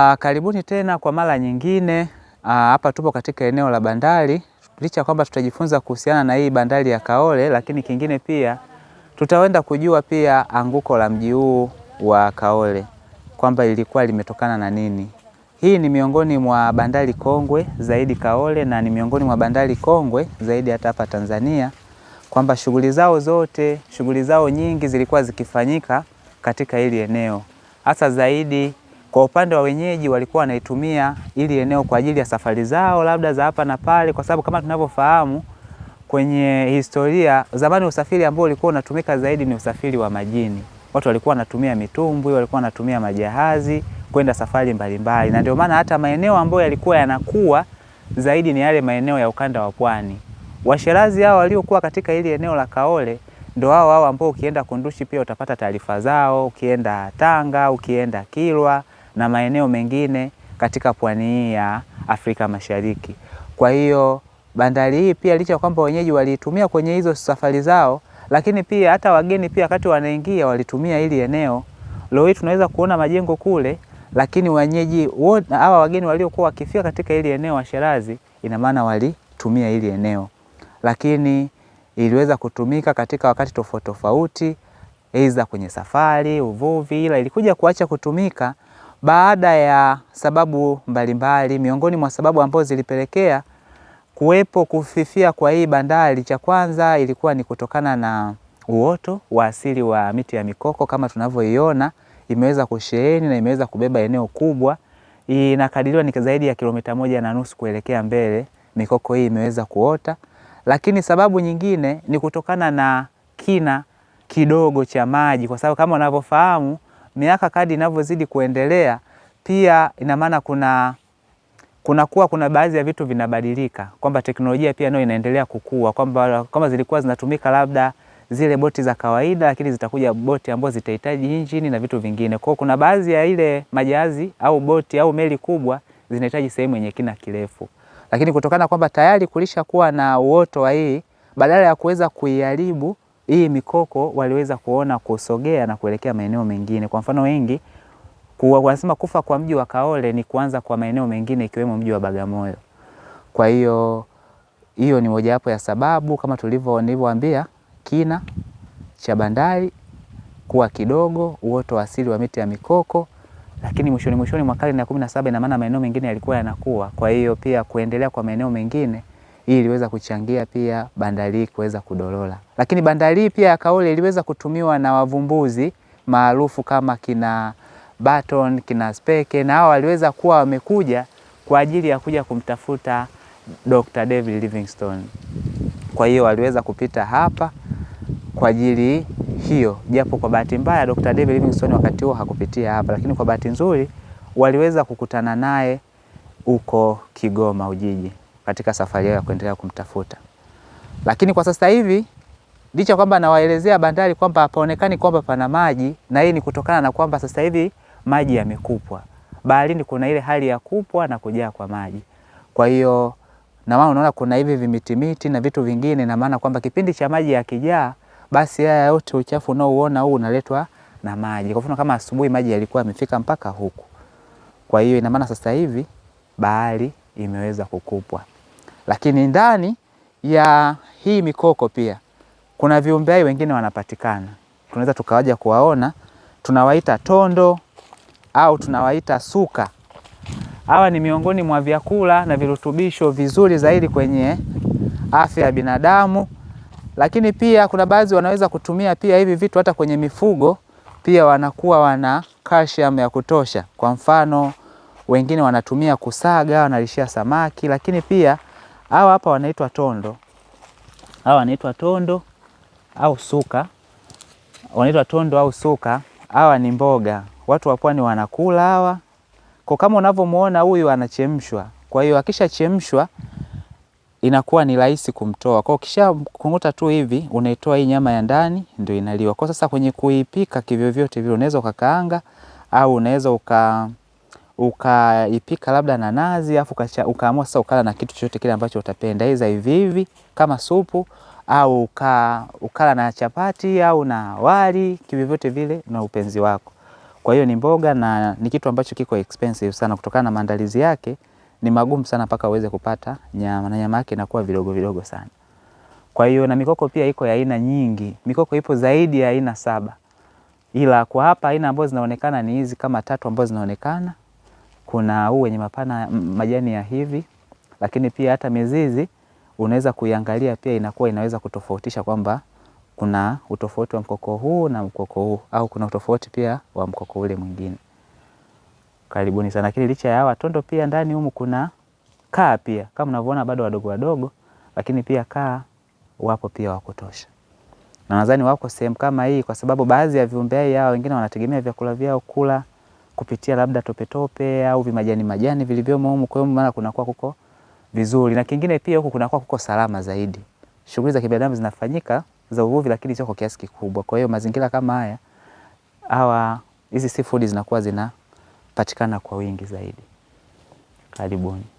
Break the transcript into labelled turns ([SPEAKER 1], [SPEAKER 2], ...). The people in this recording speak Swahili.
[SPEAKER 1] Ah, karibuni tena kwa mara nyingine. Ah, hapa tupo katika eneo la bandari. Licha ya kwamba tutajifunza kuhusiana na hii bandari ya Kaole, lakini kingine pia tutaenda kujua pia anguko la mji huu wa Kaole kwamba ilikuwa limetokana na nini. Hii ni miongoni mwa bandari kongwe zaidi Kaole, na ni miongoni mwa bandari kongwe zaidi hata hapa Tanzania, kwamba shughuli zao zote, shughuli zao nyingi zilikuwa zikifanyika katika hili eneo hasa zaidi kwa upande wa wenyeji walikuwa wanaitumia ili eneo kwa ajili ya safari zao labda za hapa na pale, kwa sababu kama tunavyofahamu kwenye historia, zamani usafiri ambao ulikuwa unatumika zaidi ni usafiri wa majini. Watu walikuwa wanatumia mitumbwi, walikuwa wanatumia majahazi kwenda safari mbalimbali, na ndio maana hata maeneo ambayo yalikuwa yanakuwa zaidi ni yale maeneo ya ukanda wa pwani. Washirazi hao waliokuwa katika ili eneo la Kaole ndo hao hao ambao ukienda Kundushi pia utapata taarifa zao, ukienda Tanga, ukienda Kilwa na maeneo mengine katika pwani hii ya Afrika Mashariki. Kwa hiyo bandari hii pia, licha ya kwamba wenyeji waliitumia kwenye hizo safari zao, lakini pia hata wageni pia wakati wanaingia walitumia hili eneo. Leo hii tunaweza kuona majengo kule, lakini wenyeji hawa wageni waliokuwa wakifia katika hili eneo wa Shirazi, ina maana walitumia hili eneo, lakini iliweza kutumika katika wakati tofauti tofauti, aidha kwenye safari, uvuvi, ila ilikuja kuacha kutumika baada ya sababu mbalimbali. Miongoni mwa sababu ambazo zilipelekea kuwepo kufifia kwa hii bandari, cha kwanza ilikuwa ni kutokana na uoto wa asili wa miti ya mikoko kama tunavyoiona imeweza kusheheni na imeweza kubeba eneo kubwa. Inakadiriwa ni zaidi ya kilomita moja na nusu kuelekea mbele, mikoko hii imeweza kuota. Lakini sababu nyingine ni kutokana na kina kidogo cha maji, kwa sababu kama unavyofahamu miaka kadi inavyozidi kuendelea, pia ina maana kuna kuna kuwa kuna baadhi ya vitu vinabadilika, kwamba teknolojia pia nayo inaendelea kukua, kwamba kama zilikuwa zinatumika labda zile boti za kawaida, lakini zitakuja boti ambazo zitahitaji injini na vitu vingine. Kwa kuna baadhi ya ile majazi au boti au meli kubwa zinahitaji sehemu yenye kina kirefu, lakini kutokana kwamba tayari kulisha kuwa na uoto wa hii, badala ya kuweza kuiharibu hii mikoko waliweza kuona kusogea na kuelekea maeneo mengine. Kwa mfano wengi wanasema kufa kwa mji wa Kaole ni kuanza kwa maeneo mengine ikiwemo mji wa Bagamoyo. Kwa hiyo hiyo ni mojawapo ya sababu kama tulivyoambia, kina cha bandari kuwa kidogo, uoto wa asili wa miti ya mikoko, lakini mwishoni mwishoni mwa karne ya 17 ina maana maeneo mengine yalikuwa yanakuwa. Kwa hiyo pia kuendelea kwa maeneo mengine hii iliweza kuchangia pia bandari kuweza kudorora, lakini bandari pia ya Kaole iliweza kutumiwa na wavumbuzi maarufu kama kina Barton, kina Speke na hao waliweza kuwa wamekuja kwa ajili ya kuja kumtafuta Dr. David Livingstone. Kwa hiyo waliweza kupita hapa kwa ajili hiyo, japo kwa bahati mbaya Dr. David Livingstone wakati huo hakupitia hapa, lakini kwa bahati nzuri waliweza kukutana naye huko Kigoma Ujiji katika safari yao ya kuendelea kumtafuta. Lakini kwa sasa hivi licha kwamba nawaelezea bandari kwamba hapaonekani kwamba pana maji, na hii ni kutokana na kwamba sasa hivi maji yamekupwa baharini, kuna ile hali ya kupwa na kujaa kwa maji. Kwa hiyo na wao unaona kuna hivi vimitimiti na vitu vingine, na maana kwamba kipindi cha maji yakijaa, basi haya yote uchafu unaouona huu unaletwa na maji. Kwa mfano kama asubuhi maji yalikuwa yamefika mpaka huku, kwa hiyo ina maana sasa hivi bahari imeweza kukupwa. Lakini ndani ya hii mikoko pia kuna viumbe hai wengine wanapatikana, tunaweza tukawaja kuwaona, tunawaita tondo au tunawaita suka. Hawa ni miongoni mwa vyakula na virutubisho vizuri zaidi kwenye afya ya binadamu, lakini pia kuna baadhi wanaweza kutumia pia hivi vitu hata kwenye mifugo, pia wanakuwa wana calcium ya kutosha. Kwa mfano, wengine wanatumia kusaga, wanalishia samaki, lakini pia Hawa hapa wanaitwa tondo, hawa wanaitwa tondo au suka, wanaitwa tondo au suka. Hawa ni mboga, watu wa pwani wanakula hawa. Kwa kama unavyomuona huyu anachemshwa, kwa hiyo akishachemshwa inakuwa ni rahisi kumtoa. Kwa kisha kunguta tu hivi, unaitoa hii nyama ya ndani ndio inaliwa. Kwa sasa kwenye kuipika, kivyovyote vile unaweza ukakaanga au unaweza uka ukaipika labda na nazi afu ukaamua sasa ukala na kitu chochote kile ambacho utapenda, iza hivi hivi kama supu au uka, ukala na chapati au na wali, kivyovyote vile na upenzi wako. Kwa hiyo ni mboga na ni kitu ambacho kiko expensive sana, kutokana na maandalizi yake ni magumu sana mpaka uweze kupata nyama, na nyama yake inakuwa vidogo vidogo sana. Kwa hiyo na mikoko pia iko ya aina nyingi, mikoko ipo zaidi ya aina saba, ila kwa hapa aina ambazo zinaonekana ni hizi kama tatu ambazo zinaonekana kuna huu wenye mapana majani ya hivi, lakini pia hata mizizi unaweza kuiangalia pia, inakuwa inaweza kutofautisha kwamba kuna utofauti wa mkoko huu na mkoko huu, au kuna utofauti pia wa mkoko ule mwingine. Karibuni sana. Lakini licha ya watondo, pia ndani humu kuna kaa pia, kama unavyoona bado wadogo wadogo, lakini pia kaa wapo pia wa kutosha, na nadhani wako sehemu kama hii, kwa sababu baadhi ya viumbe hai hawa wengine wanategemea vyakula vyao kula kupitia labda topetope au vimajani majani vilivyomo humu, kwa hiyo maana kunakuwa kuko vizuri, na kingine pia huku kunakuwa kuko salama zaidi. Shughuli za kibinadamu zinafanyika za uvuvi, lakini sio kwa kiasi kikubwa. Kwa hiyo mazingira kama haya hawa hizi seafood zinakuwa zinapatikana kwa wingi zaidi. Karibuni.